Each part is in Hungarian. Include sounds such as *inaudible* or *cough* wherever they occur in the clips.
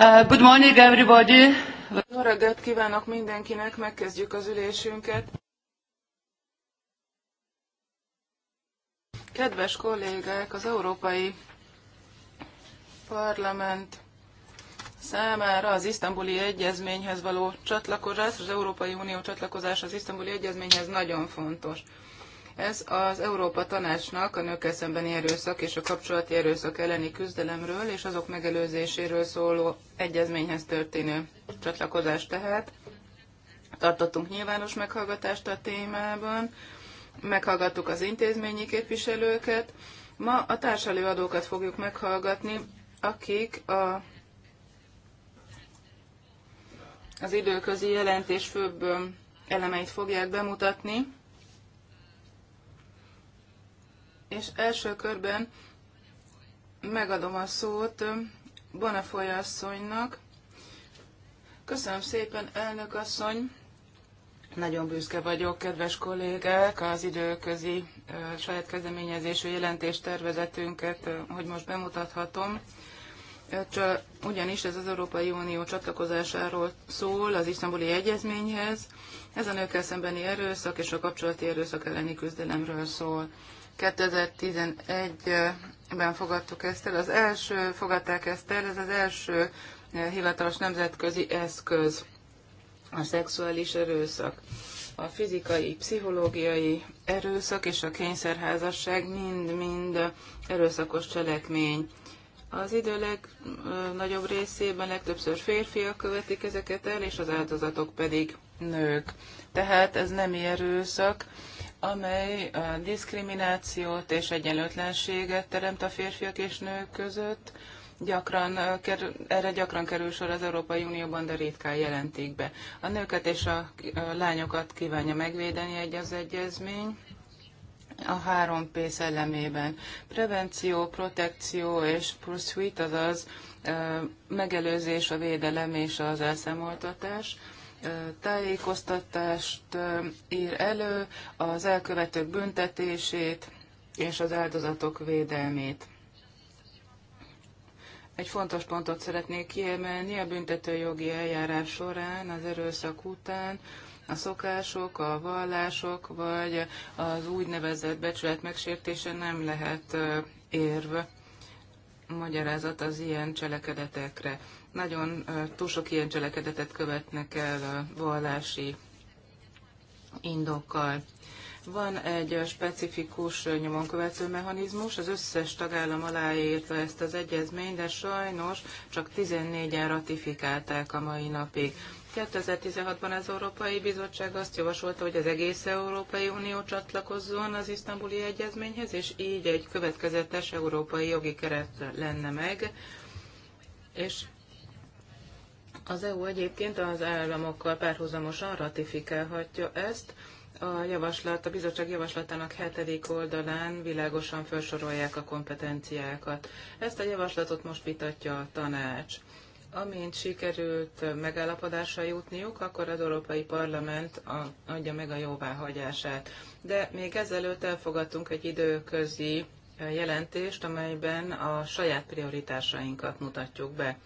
Uh, good morning, everybody. Jó reggelt kívánok mindenkinek, megkezdjük az ülésünket. Kedves kollégák, az Európai Parlament számára az isztambuli egyezményhez való csatlakozás, az Európai Unió csatlakozás az isztambuli egyezményhez nagyon fontos. Ez az Európa Tanácsnak a nőkkel szembeni erőszak és a kapcsolati erőszak elleni küzdelemről és azok megelőzéséről szóló egyezményhez történő csatlakozás tehát. Tartottunk nyilvános meghallgatást a témában, meghallgattuk az intézményi képviselőket. Ma a társelőadókat fogjuk meghallgatni, akik a, az időközi jelentés főbb elemeit fogják bemutatni. és első körben megadom a szót Bonafoly asszonynak. Köszönöm szépen, elnök asszony! Nagyon büszke vagyok, kedves kollégák, az időközi saját kezdeményezésű tervezetünket, hogy most bemutathatom. Csak, ugyanis ez az Európai Unió csatlakozásáról szól az isztambuli egyezményhez, ez a nőkkel szembeni erőszak és a kapcsolati erőszak elleni küzdelemről szól. 2011-ben fogadtuk ezt el. Az első, fogadták ezt el, ez az első eh, hivatalos nemzetközi eszköz a szexuális erőszak. A fizikai, pszichológiai erőszak és a kényszerházasság mind-mind erőszakos cselekmény. Az idő legnagyobb eh, részében legtöbbször férfiak követik ezeket el, és az áldozatok pedig nők. Tehát ez nem erőszak, amely a diszkriminációt és egyenlőtlenséget teremt a férfiak és nők között. Gyakran, erre gyakran kerül sor az Európai Unióban, de ritkán jelentik be. A nőket és a lányokat kívánja megvédeni egy az egyezmény a három p szellemében. Prevenció, protekció és pursuit, azaz megelőzés, a védelem és az elszámoltatás tájékoztatást ír elő, az elkövetők büntetését és az áldozatok védelmét. Egy fontos pontot szeretnék kiemelni a büntetőjogi eljárás során, az erőszak után, a szokások, a vallások, vagy az úgynevezett becsület megsértése nem lehet érv magyarázat az ilyen cselekedetekre. Nagyon túl sok ilyen cselekedetet követnek el vallási indokkal. Van egy specifikus nyomonkövető mechanizmus, az összes tagállam aláírta ezt az egyezményt, de sajnos csak 14-en ratifikálták a mai napig. 2016-ban az Európai Bizottság azt javasolta, hogy az egész Európai Unió csatlakozzon az isztambuli egyezményhez, és így egy következetes európai jogi keret lenne meg. És az EU egyébként az államokkal párhuzamosan ratifikálhatja ezt. A, javaslat, a bizottság javaslatának hetedik oldalán világosan felsorolják a kompetenciákat. Ezt a javaslatot most vitatja a tanács amint sikerült megállapodásra jutniuk, akkor az Európai Parlament adja meg a jóváhagyását. De még ezelőtt elfogadtunk egy időközi jelentést, amelyben a saját prioritásainkat mutatjuk be.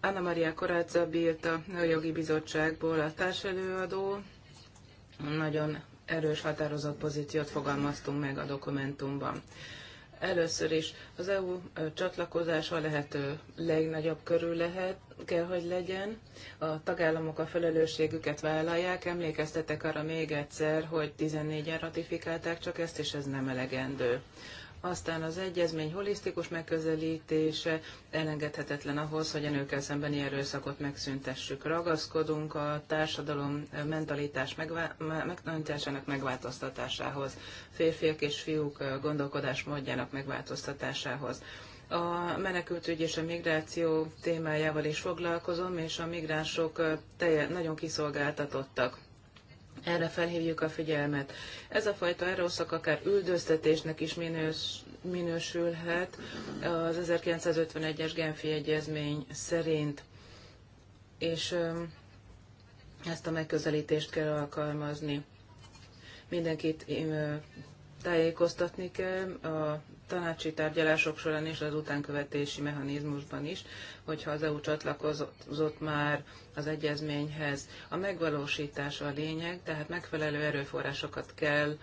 Anna Maria Koráca bírt a Nőjogi Bizottságból a társelőadó. Nagyon erős határozott pozíciót fogalmaztunk meg a dokumentumban. Először is az EU csatlakozása lehető legnagyobb körül lehet, kell, hogy legyen. A tagállamok a felelősségüket vállalják. Emlékeztetek arra még egyszer, hogy 14-en ratifikálták csak ezt, és ez nem elegendő aztán az egyezmény holisztikus megközelítése elengedhetetlen ahhoz, hogy a nőkkel szembeni erőszakot megszüntessük. Ragaszkodunk a társadalom mentalitás megvá- megtanításának megváltoztatásához, férfiak és fiúk gondolkodásmódjának megváltoztatásához. A menekültügy és a migráció témájával is foglalkozom, és a migránsok nagyon kiszolgáltatottak. Erre felhívjuk a figyelmet. Ez a fajta erőszak akár üldöztetésnek is minős, minősülhet az 1951-es Genfi Egyezmény szerint. És ezt a megközelítést kell alkalmazni. Mindenkit tájékoztatni kell a tanácsi tárgyalások során és az utánkövetési mechanizmusban is, hogyha az EU csatlakozott már az egyezményhez. A megvalósítás a lényeg, tehát megfelelő erőforrásokat kell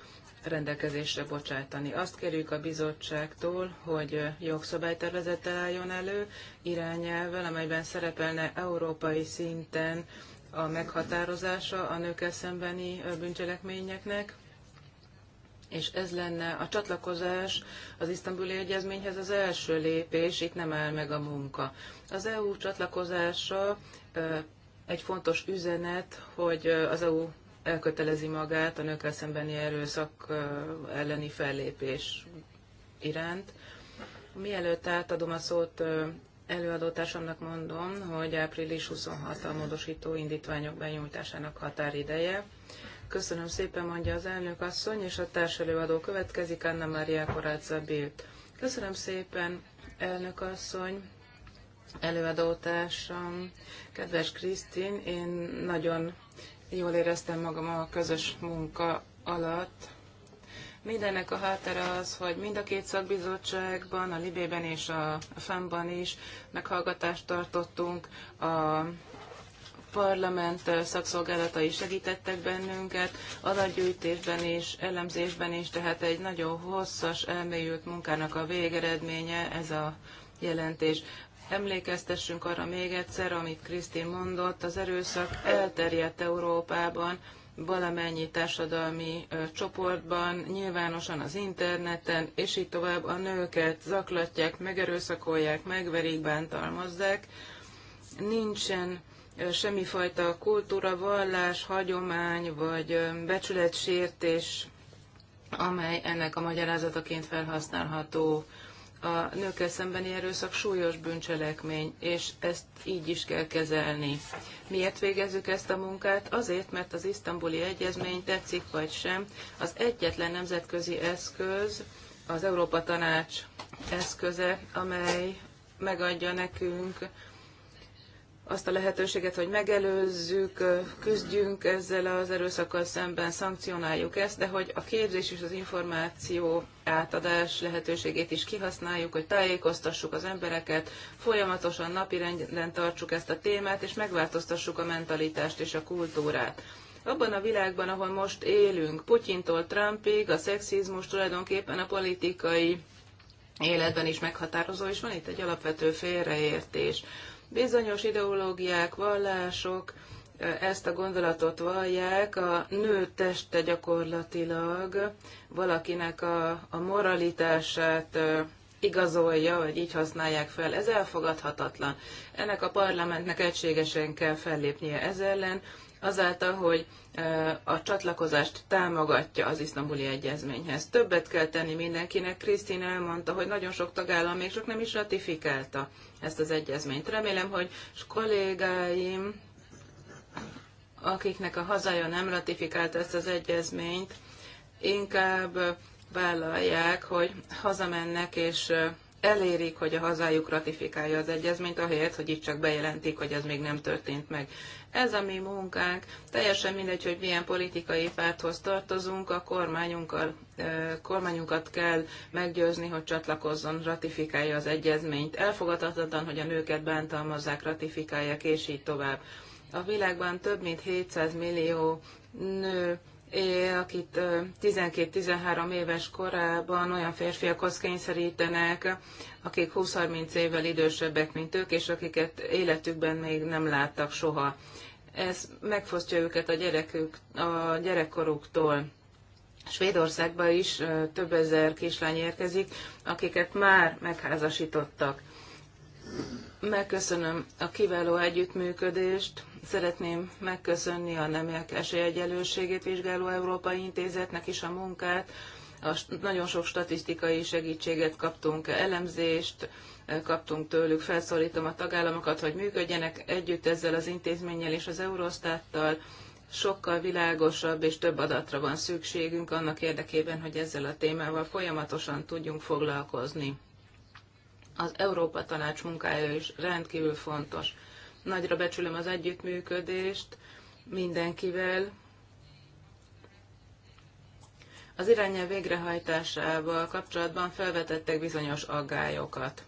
rendelkezésre bocsátani. Azt kérjük a bizottságtól, hogy jogszabálytervezettel álljon elő, irányelvvel, amelyben szerepelne európai szinten a meghatározása a nőkkel szembeni bűncselekményeknek, és ez lenne a csatlakozás az isztambuli egyezményhez az első lépés, itt nem áll meg a munka. Az EU csatlakozása egy fontos üzenet, hogy az EU elkötelezi magát a nőkkel szembeni erőszak elleni fellépés iránt. Mielőtt átadom a szót előadótársamnak mondom, hogy április 26 a módosító indítványok benyújtásának határideje. Köszönöm szépen, mondja az elnök asszony, és a társelőadó következik, Anna Maria Korácza Bilt. Köszönöm szépen, elnök asszony, előadótársam, kedves Krisztin, én nagyon jól éreztem magam a közös munka alatt. Mindennek a háttere az, hogy mind a két szakbizottságban, a Libében és a FEM-ban is meghallgatást tartottunk a parlament szakszolgálatai segítettek bennünket, adatgyűjtésben és elemzésben is, tehát egy nagyon hosszas, elmélyült munkának a végeredménye ez a jelentés. Emlékeztessünk arra még egyszer, amit Krisztin mondott, az erőszak elterjedt Európában, valamennyi társadalmi ö, csoportban, nyilvánosan az interneten, és így tovább a nőket zaklatják, megerőszakolják, megverik, bántalmazzák. Nincsen semmifajta kultúra, vallás, hagyomány vagy becsületsértés, amely ennek a magyarázataként felhasználható. A nőkkel szembeni erőszak súlyos bűncselekmény, és ezt így is kell kezelni. Miért végezzük ezt a munkát? Azért, mert az isztambuli egyezmény tetszik vagy sem, az egyetlen nemzetközi eszköz, az Európa Tanács eszköze, amely megadja nekünk azt a lehetőséget, hogy megelőzzük, küzdjünk ezzel az erőszakkal szemben, szankcionáljuk ezt, de hogy a képzés és az információ átadás lehetőségét is kihasználjuk, hogy tájékoztassuk az embereket, folyamatosan napirenden tartsuk ezt a témát, és megváltoztassuk a mentalitást és a kultúrát. Abban a világban, ahol most élünk, Putyintól Trumpig, a szexizmus tulajdonképpen a politikai életben is meghatározó, és van itt egy alapvető félreértés Bizonyos ideológiák, vallások ezt a gondolatot vallják, a nő teste gyakorlatilag valakinek a, a moralitását igazolja, vagy így használják fel. Ez elfogadhatatlan. Ennek a parlamentnek egységesen kell fellépnie ez ellen, azáltal, hogy eh, a csatlakozást támogatja az isztambuli egyezményhez. Többet kell tenni mindenkinek. Krisztin elmondta, hogy nagyon sok tagállam még sok nem is ratifikálta ezt az egyezményt. Remélem, hogy kollégáim, akiknek a hazája nem ratifikálta ezt az egyezményt, inkább vállalják, hogy hazamennek és eh, elérik, hogy a hazájuk ratifikálja az egyezményt, ahelyett, hogy itt csak bejelentik, hogy ez még nem történt meg. Ez a mi munkánk, teljesen mindegy, hogy milyen politikai párthoz tartozunk, a kormányunkkal, kormányunkat kell meggyőzni, hogy csatlakozzon, ratifikálja az egyezményt. Elfogadhatatlan, hogy a nőket bántalmazzák, ratifikálják, és így tovább. A világban több mint 700 millió nő Eh, akit 12-13 éves korában olyan férfiakhoz kényszerítenek, akik 20-30 évvel idősebbek, mint ők, és akiket életükben még nem láttak soha. Ez megfosztja őket a, gyerekük, a gyerekkoruktól. Svédországba is több ezer kislány érkezik, akiket már megházasítottak. Megköszönöm a kiváló együttműködést Szeretném megköszönni a Nemek Esélyegyelőségét vizsgáló Európai Intézetnek is a munkát. A, nagyon sok statisztikai segítséget kaptunk, elemzést eh, kaptunk tőlük, felszólítom a tagállamokat, hogy működjenek együtt ezzel az intézménnyel és az Eurostattal. Sokkal világosabb és több adatra van szükségünk annak érdekében, hogy ezzel a témával folyamatosan tudjunk foglalkozni. Az Európa Tanács munkája is rendkívül fontos nagyra becsülöm az együttműködést mindenkivel. Az irányelv végrehajtásával kapcsolatban felvetettek bizonyos aggályokat.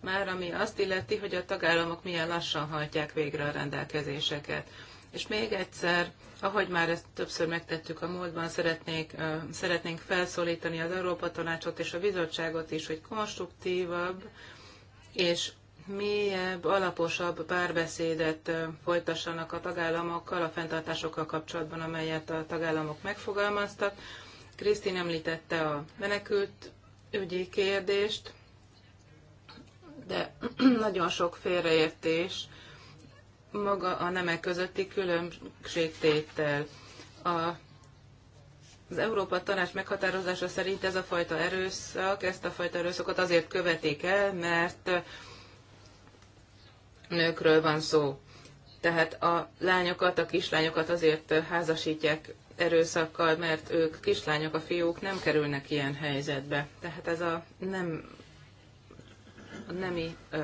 Már ami azt illeti, hogy a tagállamok milyen lassan hajtják végre a rendelkezéseket. És még egyszer, ahogy már ezt többször megtettük a múltban, szeretnék, szeretnénk felszólítani az Európa Tanácsot és a bizottságot is, hogy konstruktívabb és mélyebb, alaposabb párbeszédet folytassanak a tagállamokkal a fenntartásokkal kapcsolatban, amelyet a tagállamok megfogalmaztak. Krisztin említette a menekült ügyi kérdést, de *clears throat* nagyon sok félreértés maga a nemek közötti különbségtétel. A az Európa Tanács meghatározása szerint ez a fajta erőszak, ezt a fajta erőszakot azért követik el, mert nőkről van szó. Tehát a lányokat, a kislányokat azért házasítják erőszakkal, mert ők kislányok, a fiúk nem kerülnek ilyen helyzetbe. Tehát ez a nem a nemi ö,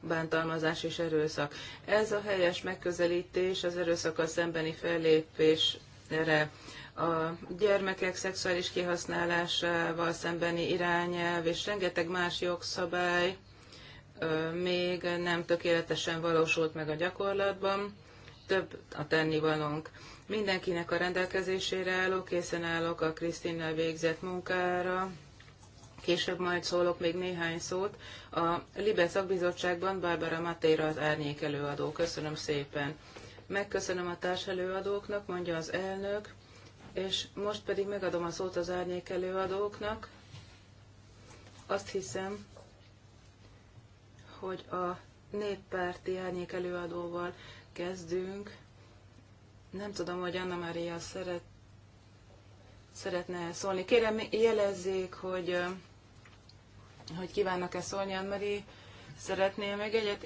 bántalmazás és erőszak. Ez a helyes megközelítés az erőszakkal szembeni fellépésre a gyermekek szexuális kihasználásával szembeni irányelv és rengeteg más jogszabály még nem tökéletesen valósult meg a gyakorlatban, több a tennivalónk. Mindenkinek a rendelkezésére állok, készen állok a Krisztinnel végzett munkára, Később majd szólok még néhány szót. A Libe szakbizottságban Barbara Matéra az árnyék előadó. Köszönöm szépen. Megköszönöm a társelőadóknak, mondja az elnök, és most pedig megadom a szót az árnyék előadóknak. Azt hiszem, hogy a néppárti árnyék előadóval kezdünk. Nem tudom, hogy Anna Maria szeret, szeretne szólni. Kérem, jelezzék, hogy, hogy kívánnak-e szólni, Anna Maria. Szeretnél még egyet?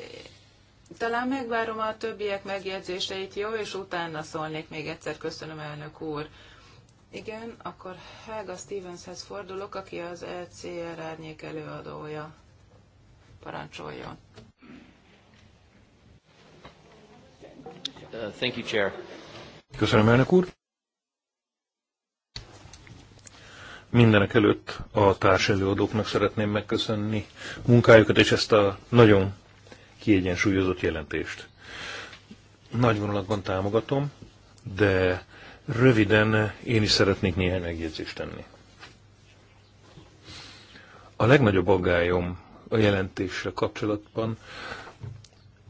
Talán megvárom a többiek megjegyzéseit, jó, és utána szólnék még egyszer. Köszönöm, elnök úr. Igen, akkor Helga Stevenshez fordulok, aki az ECR árnyék előadója. Parancsoljon. Uh, thank you, Chair. Köszönöm, elnök úr. Mindenek előtt a társelőadóknak szeretném megköszönni munkájukat és ezt a nagyon kiegyensúlyozott jelentést. Nagy vonalakban támogatom, de röviden én is szeretnék néhány megjegyzést tenni. A legnagyobb aggályom a jelentéssel kapcsolatban,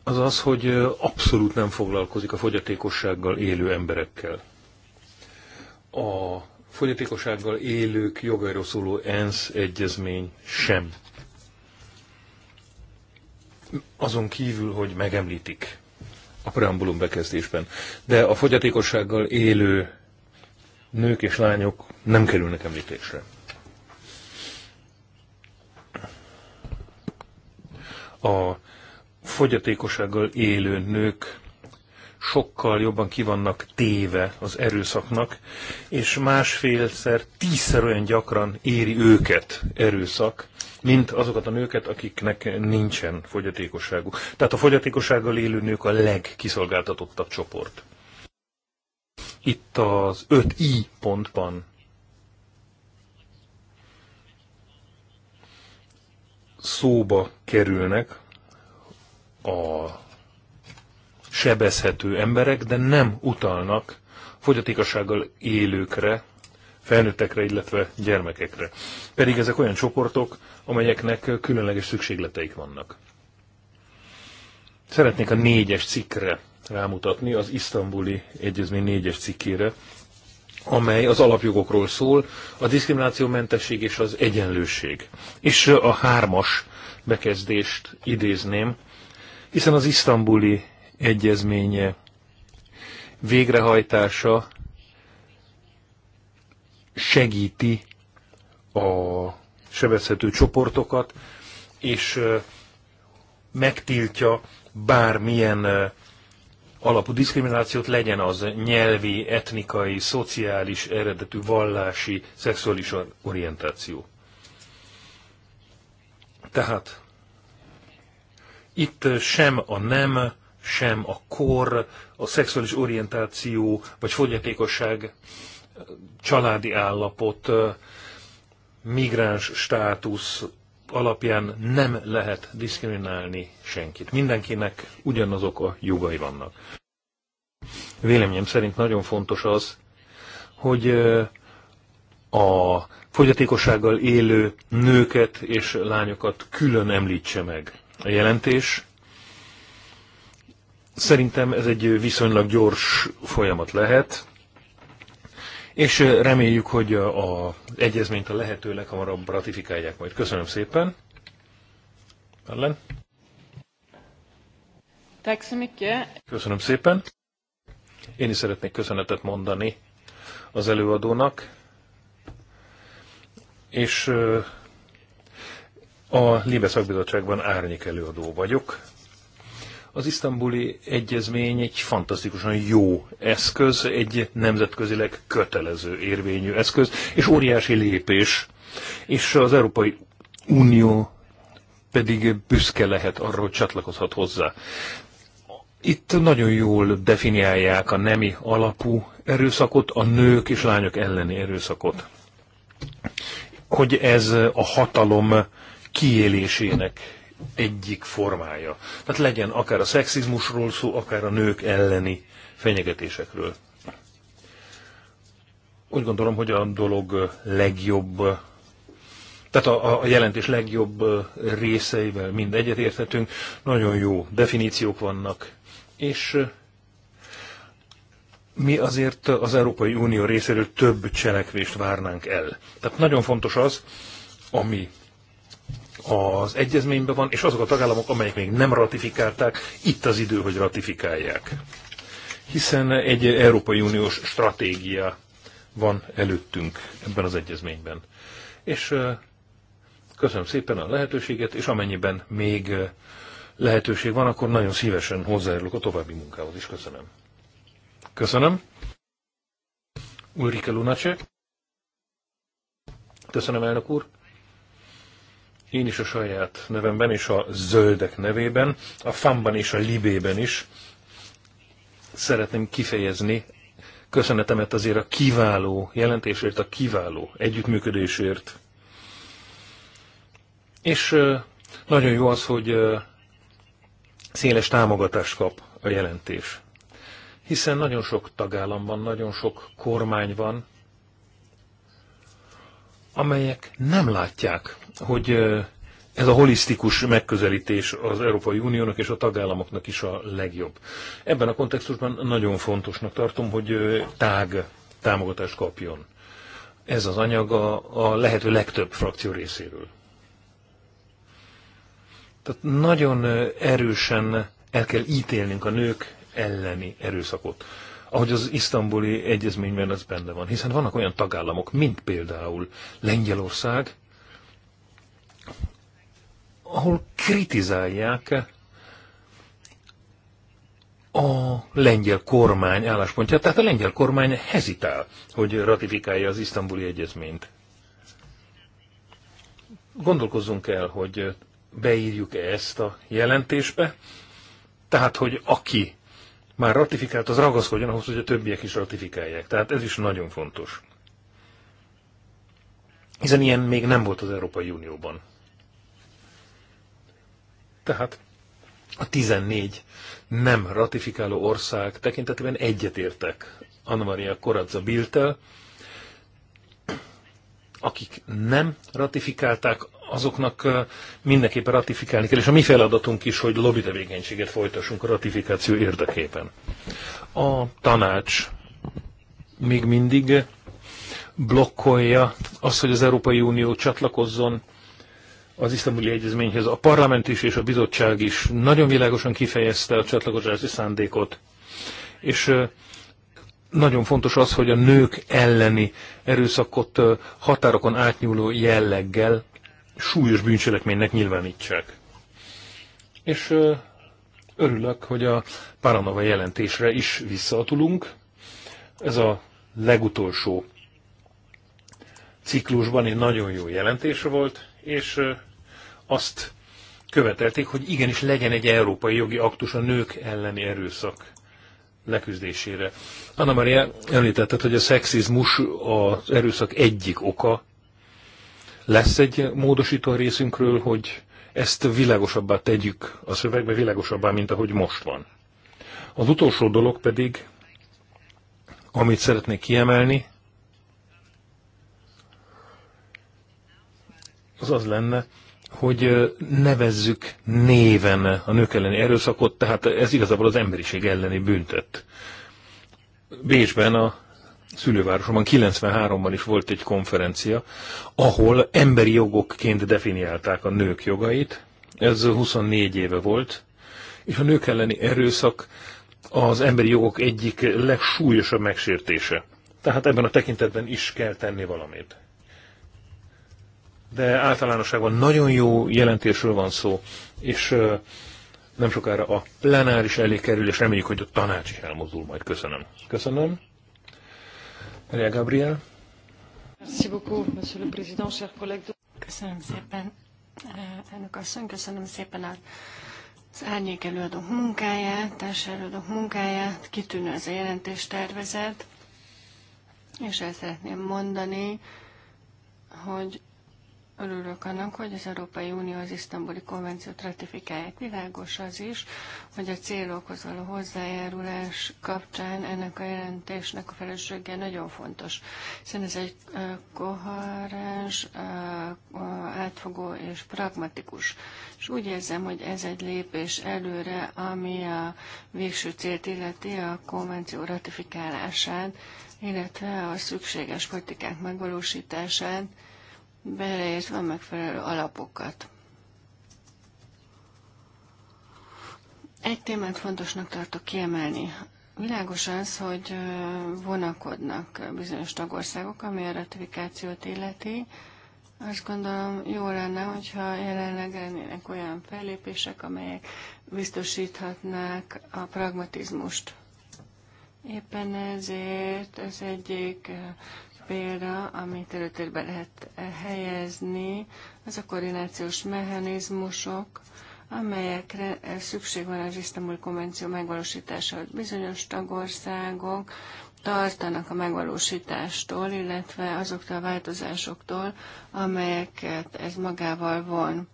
az az, hogy abszolút nem foglalkozik a fogyatékossággal élő emberekkel. A fogyatékossággal élők jogairól szóló ENSZ egyezmény sem. Azon kívül, hogy megemlítik a preambulum bekezdésben. De a fogyatékossággal élő nők és lányok nem kerülnek említésre. a fogyatékossággal élő nők sokkal jobban kivannak téve az erőszaknak, és másfélszer, tízszer olyan gyakran éri őket erőszak, mint azokat a nőket, akiknek nincsen fogyatékosságú. Tehát a fogyatékossággal élő nők a legkiszolgáltatottabb csoport. Itt az 5i pontban szóba kerülnek a sebezhető emberek, de nem utalnak fogyatékossággal élőkre, felnőttekre, illetve gyermekekre. Pedig ezek olyan csoportok, amelyeknek különleges szükségleteik vannak. Szeretnék a négyes cikkre rámutatni, az isztambuli egyezmény négyes cikkére, amely az alapjogokról szól, a diszkriminációmentesség és az egyenlőség. És a hármas bekezdést idézném, hiszen az isztambuli egyezmény végrehajtása segíti a sebezhető csoportokat, és megtiltja bármilyen alapú diszkriminációt legyen az nyelvi, etnikai, szociális, eredetű, vallási, szexuális orientáció. Tehát itt sem a nem, sem a kor, a szexuális orientáció, vagy fogyatékosság, családi állapot, migráns státusz, alapján nem lehet diszkriminálni senkit. Mindenkinek ugyanazok a jogai vannak. Véleményem szerint nagyon fontos az, hogy a fogyatékossággal élő nőket és lányokat külön említse meg a jelentés. Szerintem ez egy viszonylag gyors folyamat lehet, és reméljük, hogy az egyezményt a lehető leghamarabb ratifikálják majd. Köszönöm szépen. Ellen. Köszönöm szépen. Én is szeretnék köszönetet mondani az előadónak, és a Libe szakbizottságban árnyék előadó vagyok. Az isztambuli egyezmény egy fantasztikusan jó eszköz, egy nemzetközileg kötelező érvényű eszköz, és óriási lépés. És az Európai Unió pedig büszke lehet arra, hogy csatlakozhat hozzá. Itt nagyon jól definiálják a nemi alapú erőszakot, a nők és lányok elleni erőszakot. Hogy ez a hatalom kiélésének egyik formája. Tehát legyen akár a szexizmusról szó, akár a nők elleni fenyegetésekről. Úgy gondolom, hogy a dolog legjobb tehát a, a jelentés legjobb részeivel mind egyetérthetünk, nagyon jó definíciók vannak, és mi azért az Európai Unió részéről több cselekvést várnánk el. Tehát nagyon fontos az, ami az egyezményben van, és azok a tagállamok, amelyek még nem ratifikálták, itt az idő, hogy ratifikálják. Hiszen egy Európai Uniós stratégia van előttünk ebben az egyezményben. És köszönöm szépen a lehetőséget, és amennyiben még lehetőség van, akkor nagyon szívesen hozzájárulok a további munkához is. Köszönöm. Köszönöm. Ulrike Lunacek. Köszönöm, elnök úr. Én is a saját nevemben és a zöldek nevében, a FAM-ban és a Libében is szeretném kifejezni köszönetemet azért a kiváló jelentésért, a kiváló együttműködésért. És nagyon jó az, hogy széles támogatást kap a jelentés. Hiszen nagyon sok tagállamban nagyon sok kormány van, amelyek nem látják, hogy ez a holisztikus megközelítés az Európai Uniónak és a tagállamoknak is a legjobb. Ebben a kontextusban nagyon fontosnak tartom, hogy tág támogatást kapjon. Ez az anyag a, a lehető legtöbb frakció részéről. Tehát nagyon erősen el kell ítélnünk a nők elleni erőszakot ahogy az isztambuli egyezményben ez benne van. Hiszen vannak olyan tagállamok, mint például Lengyelország, ahol kritizálják a lengyel kormány álláspontját, tehát a lengyel kormány hezitál, hogy ratifikálja az isztambuli egyezményt. Gondolkozzunk el, hogy beírjuk -e ezt a jelentésbe, tehát, hogy aki már ratifikált, az ragaszkodjon ahhoz, hogy a többiek is ratifikálják. Tehát ez is nagyon fontos. Hiszen ilyen még nem volt az Európai Unióban. Tehát a 14 nem ratifikáló ország tekintetében egyetértek Anna Maria Koradza Biltel, akik nem ratifikálták, azoknak mindenképpen ratifikálni kell, és a mi feladatunk is, hogy lobby tevékenységet folytassunk a ratifikáció érdekében. A tanács még mindig blokkolja azt, hogy az Európai Unió csatlakozzon az isztambuli egyezményhez. A parlament is és a bizottság is nagyon világosan kifejezte a csatlakozási szándékot. És nagyon fontos az, hogy a nők elleni erőszakot határokon átnyúló jelleggel súlyos bűncselekménynek nyilvánítsák. És örülök, hogy a Paranova jelentésre is visszatulunk. Ez a legutolsó ciklusban egy nagyon jó jelentés volt, és azt követelték, hogy igenis legyen egy európai jogi aktus a nők elleni erőszak leküzdésére. Anna Maria említetted, hogy a szexizmus az erőszak egyik oka, lesz egy módosító részünkről, hogy ezt világosabbá tegyük a szövegbe, világosabbá, mint ahogy most van. Az utolsó dolog pedig, amit szeretnék kiemelni, az az lenne, hogy nevezzük néven a nők elleni erőszakot, tehát ez igazából az emberiség elleni büntet. Bécsben a szülővárosomban 93-ban is volt egy konferencia, ahol emberi jogokként definiálták a nők jogait. Ez 24 éve volt, és a nők elleni erőszak az emberi jogok egyik legsúlyosabb megsértése. Tehát ebben a tekintetben is kell tenni valamit. De általánosságban nagyon jó jelentésről van szó, és nem sokára a plenáris elé kerül, és reméljük, hogy a tanács is elmozdul majd. Köszönöm. Köszönöm. Maria Gabriel. Köszönöm szépen, eh, elnök asszony, köszönöm szépen az árnyék előadók munkáját, társelőadók munkáját, kitűnő az a jelentéstervezet, és el szeretném mondani, hogy Örülök annak, hogy az Európai Unió az isztambuli konvenciót ratifikálják. Világos az is, hogy a célokhoz való hozzájárulás kapcsán ennek a jelentésnek a felelőssége nagyon fontos, hiszen ez egy koherens, átfogó és pragmatikus. És úgy érzem, hogy ez egy lépés előre, ami a végső célt illeti a konvenció ratifikálását, illetve a szükséges politikák megvalósítását, beleértve a megfelelő alapokat. Egy témát fontosnak tartok kiemelni. Világos az, hogy vonakodnak bizonyos tagországok, ami a ratifikációt illeti. Azt gondolom, jó lenne, hogyha jelenleg lennének olyan fellépések, amelyek biztosíthatnák a pragmatizmust. Éppen ezért az egyik példa, amit előtérbe lehet eh, helyezni, az a koordinációs mechanizmusok, amelyekre eh, szükség van az isztambuli konvenció megvalósításához. Bizonyos tagországok tartanak a megvalósítástól, illetve azoktól a változásoktól, amelyeket ez magával von.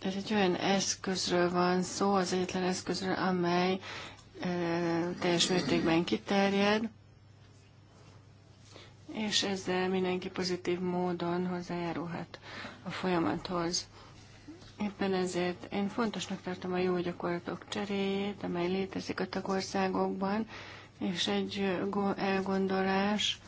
Tehát egy olyan eszközről van szó, az egyetlen eszközről, amely eh, teljes mértékben kiterjed, és ezzel mindenki pozitív módon hozzájárulhat a folyamathoz. Éppen ezért én fontosnak tartom a jó gyakorlatok cseréjét, amely létezik a tagországokban, és egy elgondolás,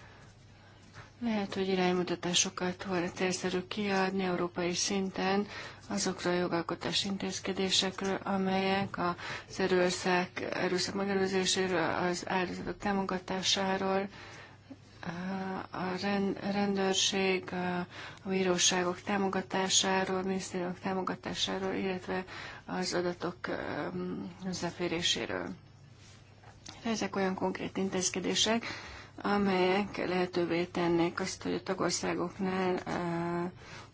lehet, hogy iránymutatásokat volna célszerű kiadni európai szinten azokra a jogalkotás intézkedésekről, amelyek az erőszak, erőszak megelőzéséről, az áldozatok támogatásáról, a rendőrség, a bíróságok támogatásáról, minisztériumok támogatásáról, illetve az adatok hozzáféréséről. Ezek olyan konkrét intézkedések, amelyek lehetővé tennék azt, hogy a tagországoknál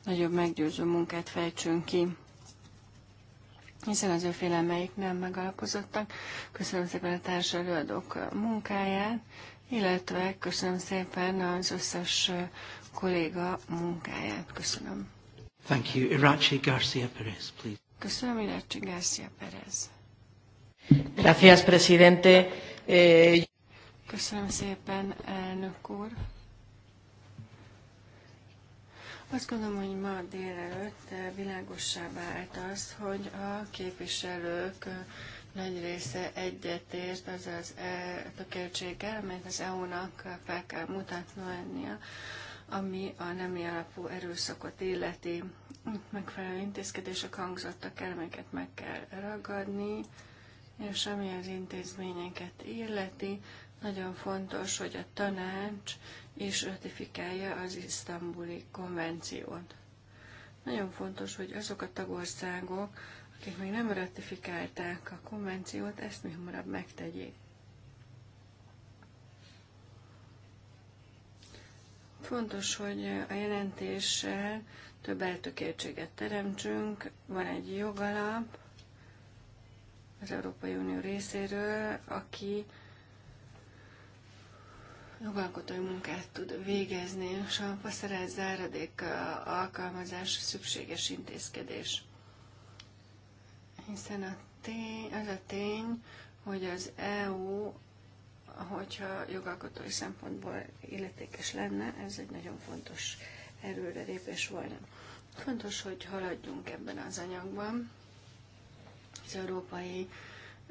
nagyobb meggyőző munkát fejtsünk ki hiszen az ő félelmeik nem megalapozottak. Köszönöm szépen a társadalmi munkáját, illetve köszönöm szépen az összes kolléga munkáját. Köszönöm. Thank you. Irachi Garcia Perez, please. Köszönöm, Irachi Garcia Perez. Gracias, presidente. Eh, köszönöm szépen, elnök úr. Azt gondolom, hogy ma délelőtt világosá vált az, hogy a képviselők nagy része egyetért az az e, költséggel, amelyet az EU-nak fel kell mutatnia, ami a nemi alapú erőszakot illeti. Megfelelő intézkedések hangzottak el, amelyeket meg kell ragadni, és ami az intézményeket illeti, nagyon fontos, hogy a tanács is ratifikálja az isztambuli konvenciót. Nagyon fontos, hogy azok a tagországok, akik még nem ratifikálták a konvenciót, ezt mi hamarabb megtegyék. Fontos, hogy a jelentéssel több eltökéltséget teremtsünk, van egy jogalap az Európai Unió részéről, aki jogalkotói munkát tud végezni, és a paszerelt záradék alkalmazás szükséges intézkedés hiszen a tény, az a tény, hogy az EU, hogyha jogalkotói szempontból illetékes lenne, ez egy nagyon fontos erőre lépés volna. Fontos, hogy haladjunk ebben az anyagban. Az európai uh,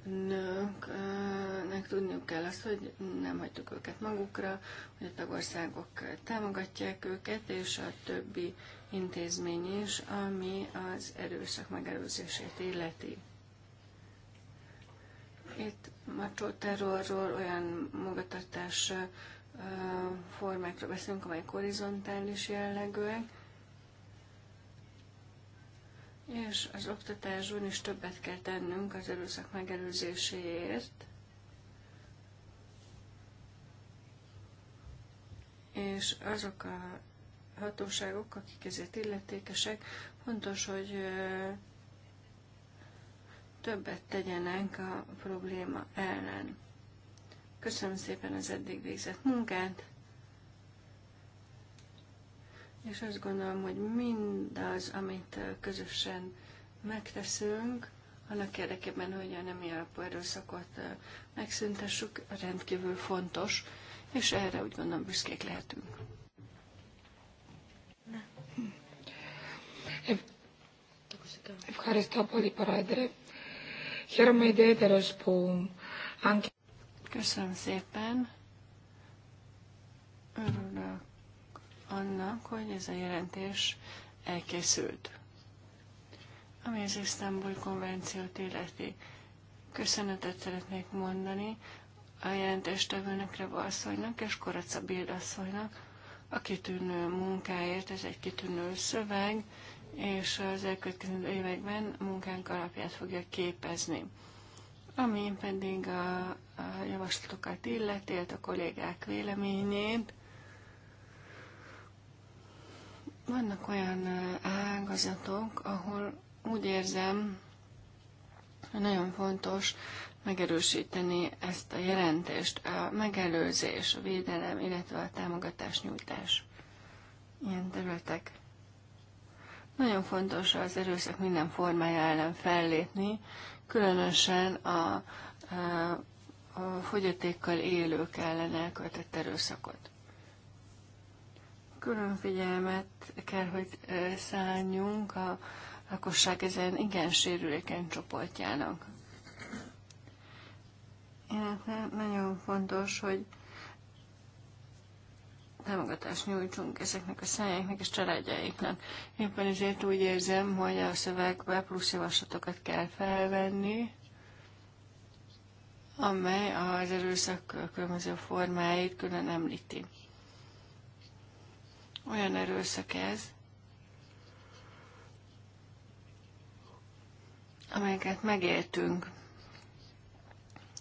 nőknek tudniuk kell azt, hogy nem hagytuk őket magukra, hogy a tagországok támogatják őket, és a többi intézmény is, ami az erőszak megelőzését illeti. Itt macsó terrorról, olyan magatartás formákra beszélünk, amelyek horizontális jellegűek, és az oktatásban is többet kell tennünk az erőszak megelőzéséért. És azok a hatóságok, akik ezért illetékesek, fontos, hogy többet tegyenek a probléma ellen. Köszönöm szépen az eddig végzett munkát! És azt gondolom, hogy mindaz, amit közösen megteszünk, annak érdekében, hogy a nemi alapú erőszakot megszüntessük, rendkívül fontos, és erre úgy gondolom büszkék lehetünk. Köszönöm szépen. Örülök annak, hogy ez a jelentés elkészült, ami az Isztambul konvenciót illeti. Köszönetet szeretnék mondani a jelentéstevőnek, Reva asszonynak és Koraca Bildasszonynak a kitűnő munkáért. Ez egy kitűnő szöveg, és az elkövetkező években a munkánk alapját fogja képezni. Ami pedig a, a javaslatokat illeti, a kollégák véleményét, vannak olyan ágazatok, ahol úgy érzem, hogy nagyon fontos megerősíteni ezt a jelentést, a megelőzés, a védelem, illetve a támogatás nyújtás ilyen területek. Nagyon fontos az erőszak minden formája ellen fellépni, különösen a, a, a fogyatékkal élők ellen elköltett erőszakot külön figyelmet kell, hogy szálljunk a lakosság ezen igen sérülékeny csoportjának. Illetve nagyon fontos, hogy támogatást nyújtsunk ezeknek a szájáknak és családjaiknak. Éppen ezért úgy érzem, hogy a szövegbe plusz javaslatokat kell felvenni, amely az erőszak különböző formáit külön említi. Olyan erőszak ez, amelyeket megéltünk.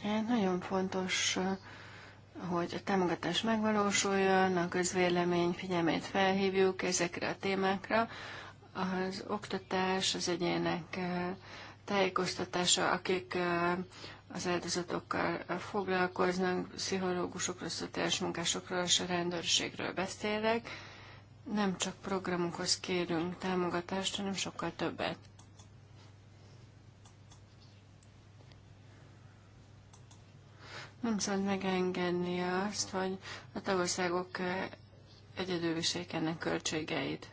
Hát nagyon fontos, hogy a támogatás megvalósuljon, a közvélemény figyelmét felhívjuk ezekre a témákra. Az oktatás, az egyének eh, tájékoztatása, akik eh, az áldozatokkal eh, foglalkoznak, pszichológusokról, szociális munkásokról és a rendőrségről beszélek nem csak programokhoz kérünk támogatást, hanem sokkal többet. Nem szabad megengedni azt, hogy a tagországok eh, egyedül viselik ennek költségeit.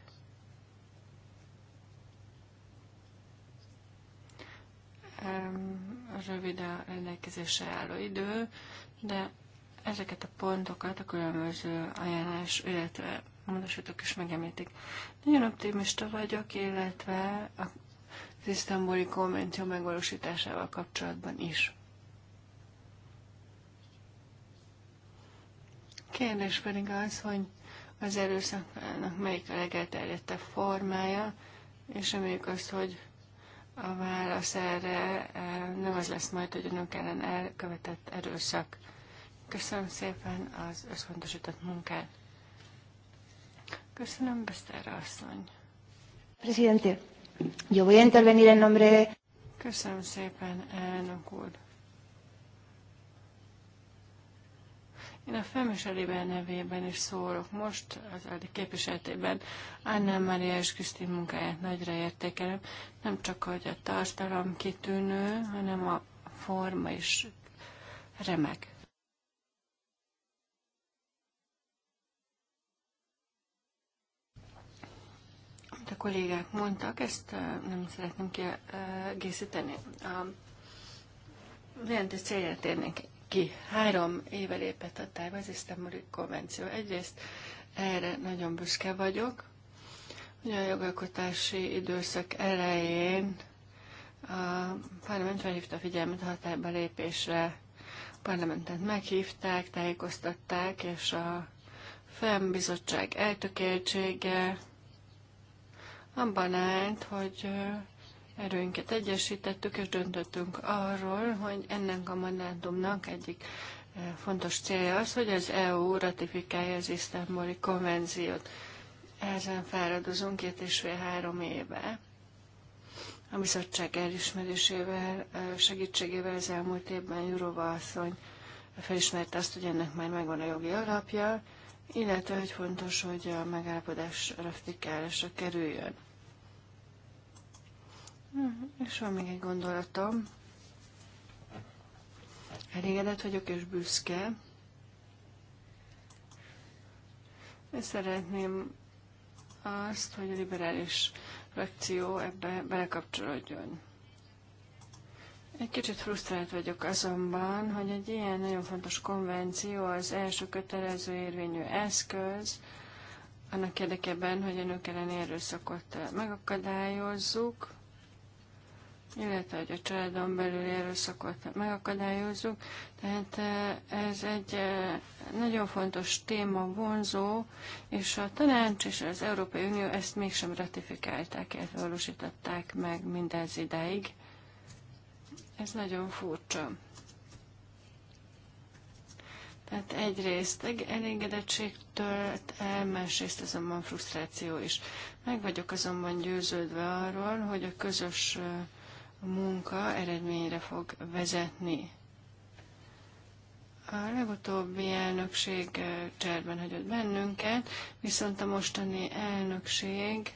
Rövid a rendelkezésre álló idő, de ezeket a pontokat a különböző ajánlás, illetve módosítók is megemlítik. Nagyon optimista vagyok, illetve a az isztambuli konvenció megvalósításával kapcsolatban is. Kérdés pedig az, hogy az erőszaknak melyik a legelterjedtebb formája, és reméljük azt, hogy a válasz erre e, nem az lesz majd, hogy önök ellen elkövetett erőszak. Köszönöm szépen az összpontosított munkát! Köszönöm, Beszterre asszony. Presidente, yo voy a intervenir en nombre... de... Köszönöm szépen, elnök úr. Én a Femis Aliben nevében is szólok most, az Adi képviseletében Anna Maria és Krisztin munkáját nagyra értékelem. Nem csak, hogy a tartalom kitűnő, hanem a forma is remek. a kollégák mondtak, ezt nem szeretném kiegészíteni. A jelentés célját térnék ki. Három éve lépett a tájba az isztambuli konvenció. Egyrészt erre nagyon büszke vagyok, hogy a jogalkotási időszak elején a parlament felhívta a figyelmet a határba lépésre. A parlamentet meghívták, tájékoztatták, és a FEM bizottság eltökéltsége, abban állt, hogy erőinket egyesítettük, és döntöttünk arról, hogy ennek a mandátumnak egyik fontos célja az, hogy az EU ratifikálja az isztambuli konvenziót. Ezen fáradozunk két és fél három éve. A bizottság elismerésével, segítségével az elmúlt évben Jurova asszony felismerte azt, hogy ennek már megvan a jogi alapja, illetve hogy fontos, hogy a megállapodás ratifikálásra kerüljön. Hm, és van még egy gondolatom. Elégedett vagyok és büszke. És szeretném azt, hogy a liberális frakció ebbe belekapcsolódjon. Egy kicsit frusztrált vagyok azonban, hogy egy ilyen nagyon fontos konvenció az első kötelező érvényű eszköz, annak érdekében, hogy a nők elleni erőszakot eh, megakadályozzuk, illetve hogy a családon belül erőszakot megakadályozzuk. Tehát eh, ez egy eh, nagyon fontos téma, vonzó, és a tanács és az Európai Unió ezt mégsem ratifikálták, illetve valósították meg mindez ideig. Ez nagyon furcsa. Tehát egyrészt elégedettségtől el, másrészt azonban frusztráció is. Meg vagyok azonban győződve arról, hogy a közös munka eredményre fog vezetni. A legutóbbi elnökség cserben hagyott bennünket, viszont a mostani elnökség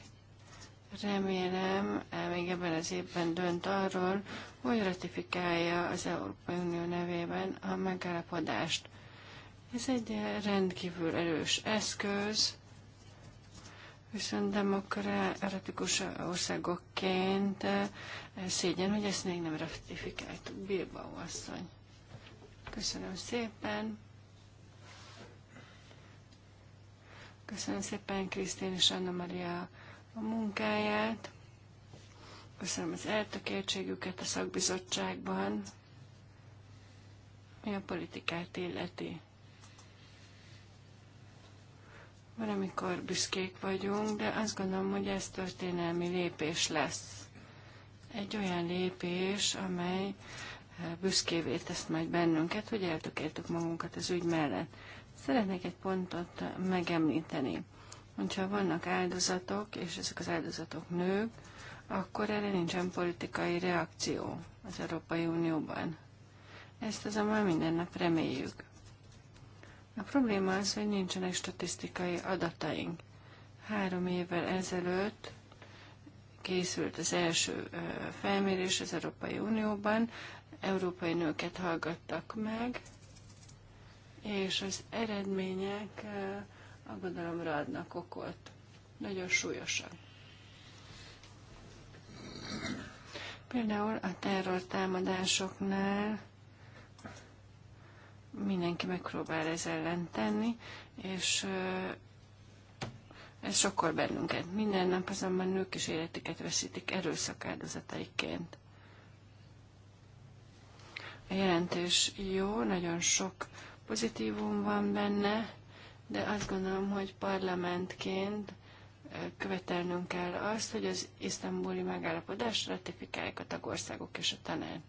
Remélem, eh, még ebben az évben dönt arról, hogy ratifikálja az Európai Unió nevében a megállapodást. Ez egy rendkívül erős eszköz, viszont demokratikus országokként eh, szégyen, hogy ezt még nem ratifikáltuk. Bilbao asszony. Köszönöm szépen. Köszönöm szépen Krisztin és Anna Maria a munkáját, köszönöm az eltökéltségüket a szakbizottságban, mi a politikát illeti. Van, amikor büszkék vagyunk, de azt gondolom, hogy ez történelmi lépés lesz. Egy olyan lépés, amely eh, büszkévé tesz majd bennünket, hogy eltökéltük magunkat az ügy mellett. Szeretnék egy pontot eh, megemlíteni. Hogyha vannak áldozatok, és ezek az áldozatok nők, akkor erre nincsen politikai reakció az Európai Unióban. Ezt azonban minden nap reméljük. A probléma az, hogy nincsenek statisztikai adataink. Három évvel ezelőtt készült az első felmérés az Európai Unióban, európai nőket hallgattak meg, és az eredmények a gondolom rádnak okolt. Nagyon súlyosan. Például a támadásoknál mindenki megpróbál ez ellen tenni, és ez sokkal bennünket. Minden nap azonban nők is életüket veszítik erőszak áldozataiként. A jelentés jó, nagyon sok pozitívum van benne, de azt gondolom, hogy parlamentként követelnünk kell azt, hogy az isztambuli megállapodást ratifikálják a tagországok és a tanács.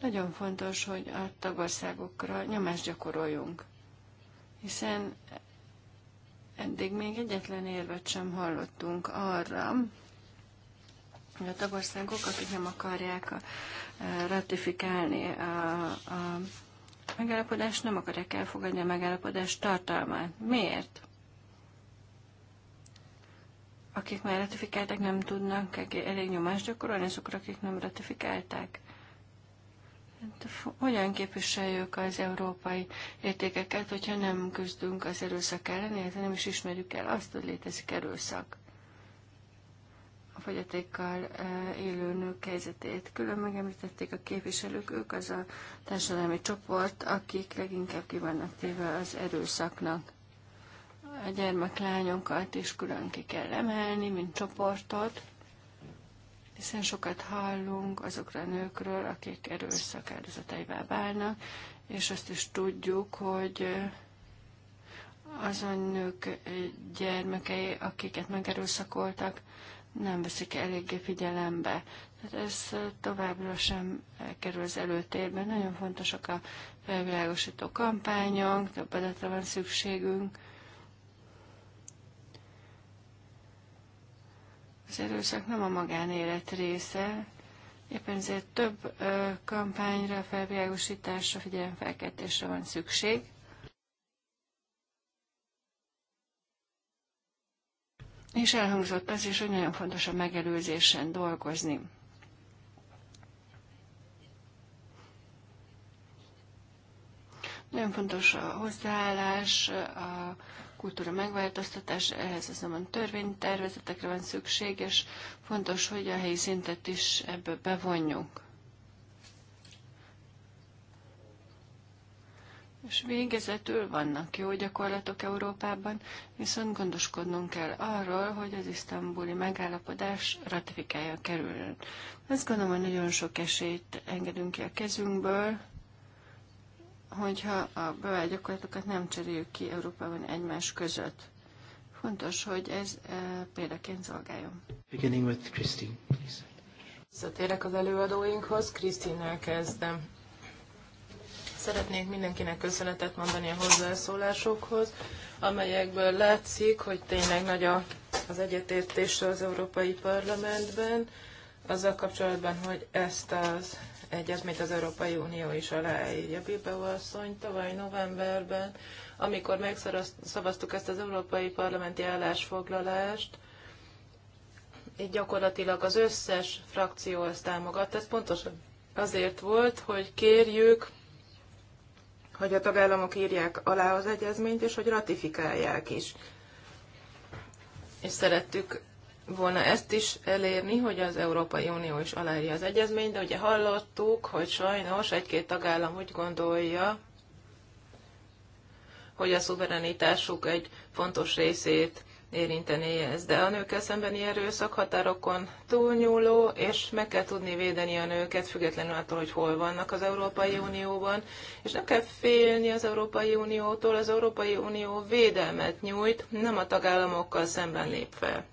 Nagyon fontos, hogy a tagországokra nyomást gyakoroljunk, hiszen eddig még egyetlen érvet sem hallottunk arra, hogy a tagországok, akik nem akarják ratifikálni a, a megállapodást, nem akarják elfogadni a megállapodás tartalmát. Miért? Akik már ratifikáltak nem tudnak elég nyomást gyakorolni azokra, akik nem ratifikálták. De hát, hogyan képviseljük az európai értékeket, hogyha nem küzdünk az erőszak ellen, illetve nem is ismerjük el azt, hogy létezik erőszak? A fogyatékkal eh, élő helyzetét. Külön megemlítették a képviselők, ők az a társadalmi csoport, akik leginkább ki vannak téve az erőszaknak. A gyermeklányokat is külön ki kell emelni, mint csoportot, hiszen sokat hallunk azokra a nőkről, akik erőszak áldozataivá válnak, és azt is tudjuk, hogy azon nők gyermekei, akiket megerőszakoltak, nem veszik eléggé figyelembe. Tehát ez továbbra sem kerül az előtérbe. Nagyon fontosak a felvilágosító kampányok, több adatra van szükségünk. Az erőszak nem a magánélet része, éppen ezért több kampányra, felvilágosításra, figyelemfelkeltésre van szükség. És elhangzott az is, hogy nagyon fontos a megelőzésen dolgozni. Nagyon fontos a hozzáállás, a kultúra megváltoztatás, ehhez azonban törvénytervezetekre van szükség, és fontos, hogy a helyi szintet is ebből bevonjuk. És végezetül vannak jó gyakorlatok Európában, viszont gondoskodnunk kell arról, hogy az isztambuli megállapodás ratifikálja kerüljön. Azt gondolom, hogy nagyon sok esélyt engedünk ki a kezünkből, hogyha a bevált gyakorlatokat nem cseréljük ki Európában egymás között. Fontos, hogy ez e, példaként szolgáljon. Beginning with Christine, please. Visszatérek az előadóinkhoz, Krisztinnel kezdem. Szeretnék mindenkinek köszönetet mondani a hozzászólásokhoz, amelyekből látszik, hogy tényleg nagy a, az egyetértés az Európai Parlamentben, azzal kapcsolatban, hogy ezt az egyezményt az Európai Unió is aláírja. Bilbao asszony tavaly novemberben, amikor megszavaztuk ezt az Európai Parlamenti állásfoglalást, így gyakorlatilag az összes frakció ezt támogatta. Ez pontosan azért volt, hogy kérjük, hogy a tagállamok írják alá az egyezményt, és hogy ratifikálják is. És szerettük volna ezt is elérni, hogy az Európai Unió is aláírja az egyezményt, de ugye hallottuk, hogy sajnos egy-két tagállam úgy gondolja, hogy a szuverenitásuk egy fontos részét érintené ez. De a nőkkel szembeni erőszak határokon túlnyúló, és meg kell tudni védeni a nőket, függetlenül attól, hogy hol vannak az Európai Unióban. És nem kell félni az Európai Uniótól, az Európai Unió védelmet nyújt, nem a tagállamokkal szemben lép fel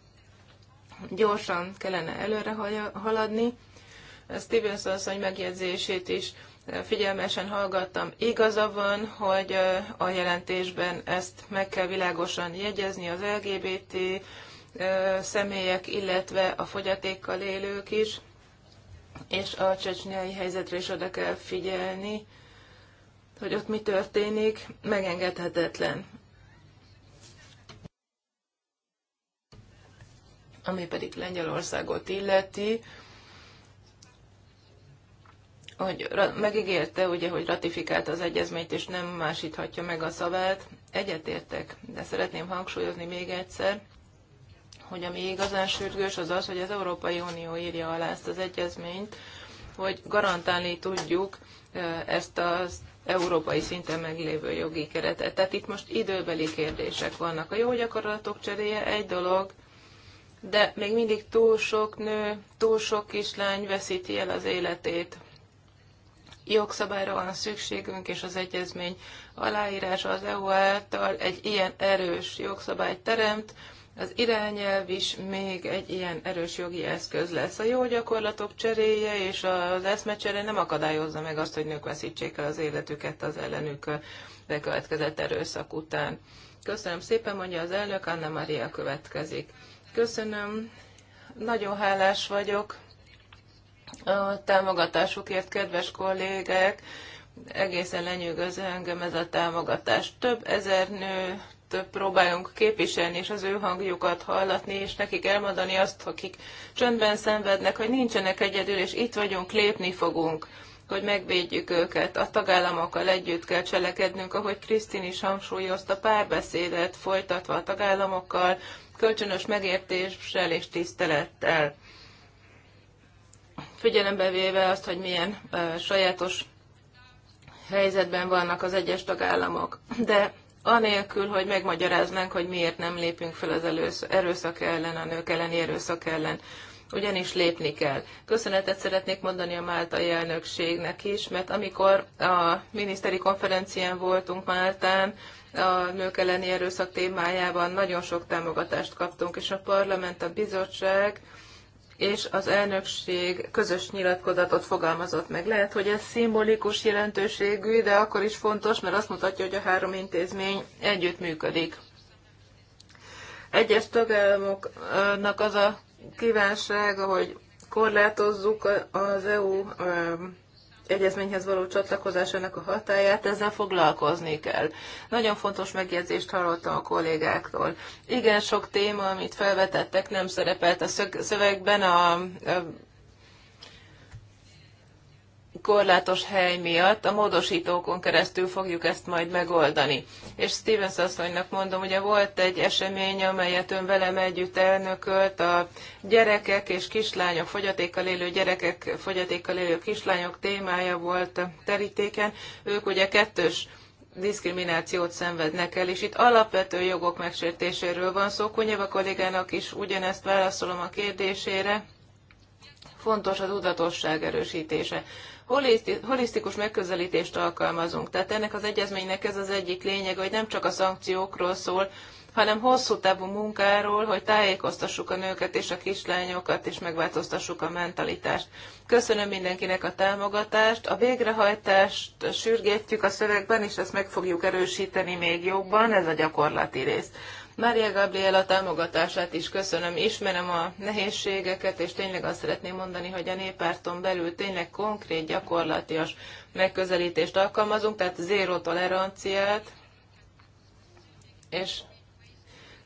gyorsan kellene előre haladni. Stevens asszony megjegyzését is eh, figyelmesen hallgattam. Igaza van, hogy eh, a jelentésben ezt meg kell világosan jegyezni az LGBT eh, személyek, illetve a fogyatékkal élők is, és a csecsnyai helyzetre is oda kell figyelni, hogy ott mi történik, megengedhetetlen. Ami pedig Lengyelországot illeti, hogy megígérte, ugye, hogy ratifikálta az egyezményt, és nem másíthatja meg a szavát. Egyetértek, de szeretném hangsúlyozni még egyszer, hogy ami igazán sürgős az az, hogy az Európai Unió írja alá ezt az egyezményt, hogy garantálni tudjuk ezt az európai szinten meglévő jogi keretet. Tehát itt most időbeli kérdések vannak. A jó gyakorlatok cseréje egy dolog, de még mindig túl sok nő, túl sok kislány veszíti el az életét. Jogszabályra van szükségünk, és az egyezmény aláírása az EU által egy ilyen erős jogszabályt teremt, az irányelv is még egy ilyen erős jogi eszköz lesz. A jó gyakorlatok cseréje és az eszmecsere nem akadályozza meg azt, hogy nők veszítsék el az életüket az ellenük bekövetkezett erőszak után. Köszönöm szépen, mondja az elnök, Anna Maria következik. Köszönöm. Nagyon hálás vagyok a támogatásukért, kedves kollégek. Egészen lenyűgöző engem ez a támogatás. Több ezer nő próbálunk képviselni, és az ő hangjukat hallatni, és nekik elmondani azt, akik csöndben szenvednek, hogy nincsenek egyedül, és itt vagyunk, lépni fogunk hogy megvédjük őket. A tagállamokkal együtt kell cselekednünk, ahogy Krisztin is hangsúlyozta, párbeszédet folytatva a tagállamokkal, kölcsönös megértéssel és tisztelettel. Figyelembe véve azt, hogy milyen uh, sajátos helyzetben vannak az egyes tagállamok. De anélkül, hogy megmagyaráznánk, hogy miért nem lépünk fel az erőszak ellen, a nők elleni erőszak ellen ugyanis lépni kell. Köszönetet szeretnék mondani a máltai elnökségnek is, mert amikor a miniszteri konferencián voltunk Máltán, a nők elleni erőszak témájában nagyon sok támogatást kaptunk, és a parlament, a bizottság és az elnökség közös nyilatkozatot fogalmazott meg. Lehet, hogy ez szimbolikus jelentőségű, de akkor is fontos, mert azt mutatja, hogy a három intézmény együttműködik. Egyes tagállamoknak az a kívánsága, hogy korlátozzuk az EU um, egyezményhez való csatlakozásának a hatáját, ezzel foglalkozni kell. Nagyon fontos megjegyzést hallottam a kollégáktól. Igen, sok téma, amit felvetettek, nem szerepelt a szövegben, a korlátos hely miatt a módosítókon keresztül fogjuk ezt majd megoldani. És Stevens asszonynak mondom, ugye volt egy esemény, amelyet ön velem együtt elnökölt, a gyerekek és kislányok, fogyatékkal élő gyerekek, fogyatékkal élő kislányok témája volt terítéken. Ők ugye kettős diszkriminációt szenvednek el, és itt alapvető jogok megsértéséről van szó. Kunyeva kollégának is ugyanezt válaszolom a kérdésére. Fontos az tudatosság erősítése holisztikus megközelítést alkalmazunk. Tehát ennek az egyezménynek ez az egyik lényeg, hogy nem csak a szankciókról szól, hanem hosszú távú munkáról, hogy tájékoztassuk a nőket és a kislányokat, és megváltoztassuk a mentalitást. Köszönöm mindenkinek a támogatást, a végrehajtást sürgetjük a szövegben, és ezt meg fogjuk erősíteni még jobban, ez a gyakorlati rész. Mária Gabriela támogatását is köszönöm, ismerem a nehézségeket, és tényleg azt szeretném mondani, hogy a néppárton belül tényleg konkrét, gyakorlatias megközelítést alkalmazunk, tehát zéró toleranciát, és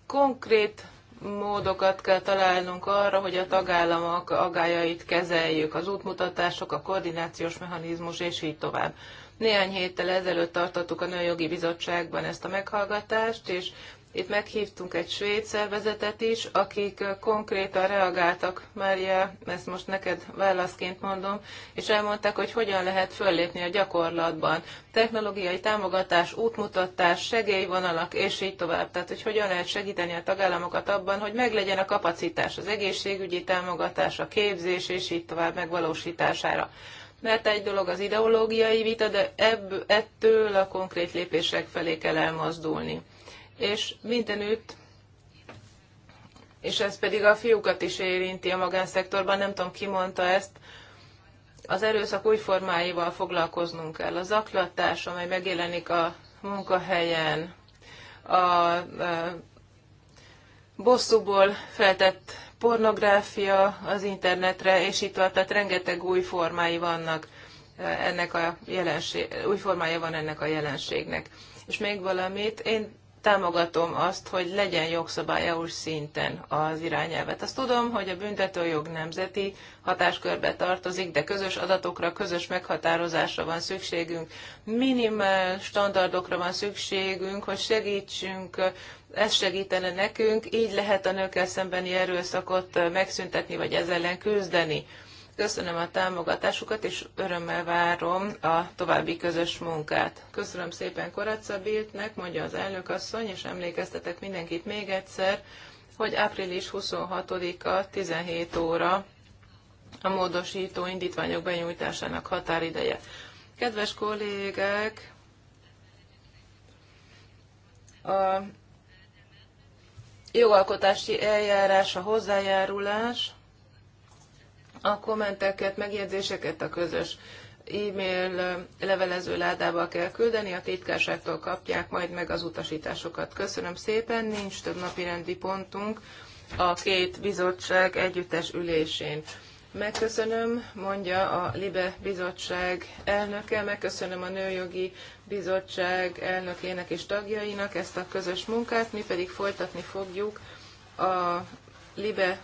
konkrét módokat kell találnunk arra, hogy a tagállamok agájait kezeljük, az útmutatások, a koordinációs mechanizmus, és így tovább. Néhány héttel ezelőtt tartottuk a Nőjogi Bizottságban ezt a meghallgatást, és itt meghívtunk egy svéd szervezetet is, akik konkrétan reagáltak, Mária, ezt most neked válaszként mondom, és elmondták, hogy hogyan lehet föllépni a gyakorlatban. Technológiai támogatás, útmutatás, segélyvonalak, és így tovább. Tehát, hogy hogyan lehet segíteni a tagállamokat abban, hogy meglegyen a kapacitás, az egészségügyi támogatás, a képzés, és így tovább megvalósítására mert egy dolog az ideológiai vita, de ebb, ettől a konkrét lépések felé kell elmozdulni és mindenütt és ez pedig a fiúkat is érinti a magánszektorban, nem tudom ki mondta ezt, az erőszak új formáival foglalkoznunk kell. A zaklatás, amely megjelenik a munkahelyen, a, a e, bosszúból feltett pornográfia az internetre, és itt van, tehát rengeteg új formái vannak e, ennek a jelenség, új formája van ennek a jelenségnek. És még valamit, én támogatom azt, hogy legyen jogszabályos szinten az irányelvet. Azt tudom, hogy a büntetőjog nemzeti hatáskörbe tartozik, de közös adatokra, közös meghatározásra van szükségünk, minimál standardokra van szükségünk, hogy segítsünk, ez segítene nekünk, így lehet a nőkkel szembeni erőszakot megszüntetni, vagy ezzel ellen küzdeni Köszönöm a támogatásukat, és örömmel várom a további közös munkát. Köszönöm szépen Koratza Biltnek, mondja az elnökasszony, asszony, és emlékeztetek mindenkit még egyszer, hogy április 26-a 17 óra a módosító indítványok benyújtásának határideje. Kedves kollégek, a jogalkotási eljárás, a hozzájárulás, a kommenteket, megjegyzéseket a közös e-mail levelező ládába kell küldeni, a titkárságtól kapják majd meg az utasításokat. Köszönöm szépen, nincs több napi rendi pontunk a két bizottság együttes ülésén. Megköszönöm, mondja a LIBE bizottság elnöke, megköszönöm a Nőjogi Bizottság elnökének és tagjainak ezt a közös munkát, mi pedig folytatni fogjuk a LIBE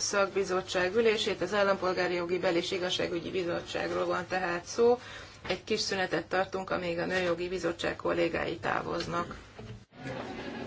szakbizottság ülését, az Állampolgári Jogi Bel- és Igazságügyi Bizottságról van tehát szó. Egy kis szünetet tartunk, amíg a Nőjogi Bizottság kollégái távoznak.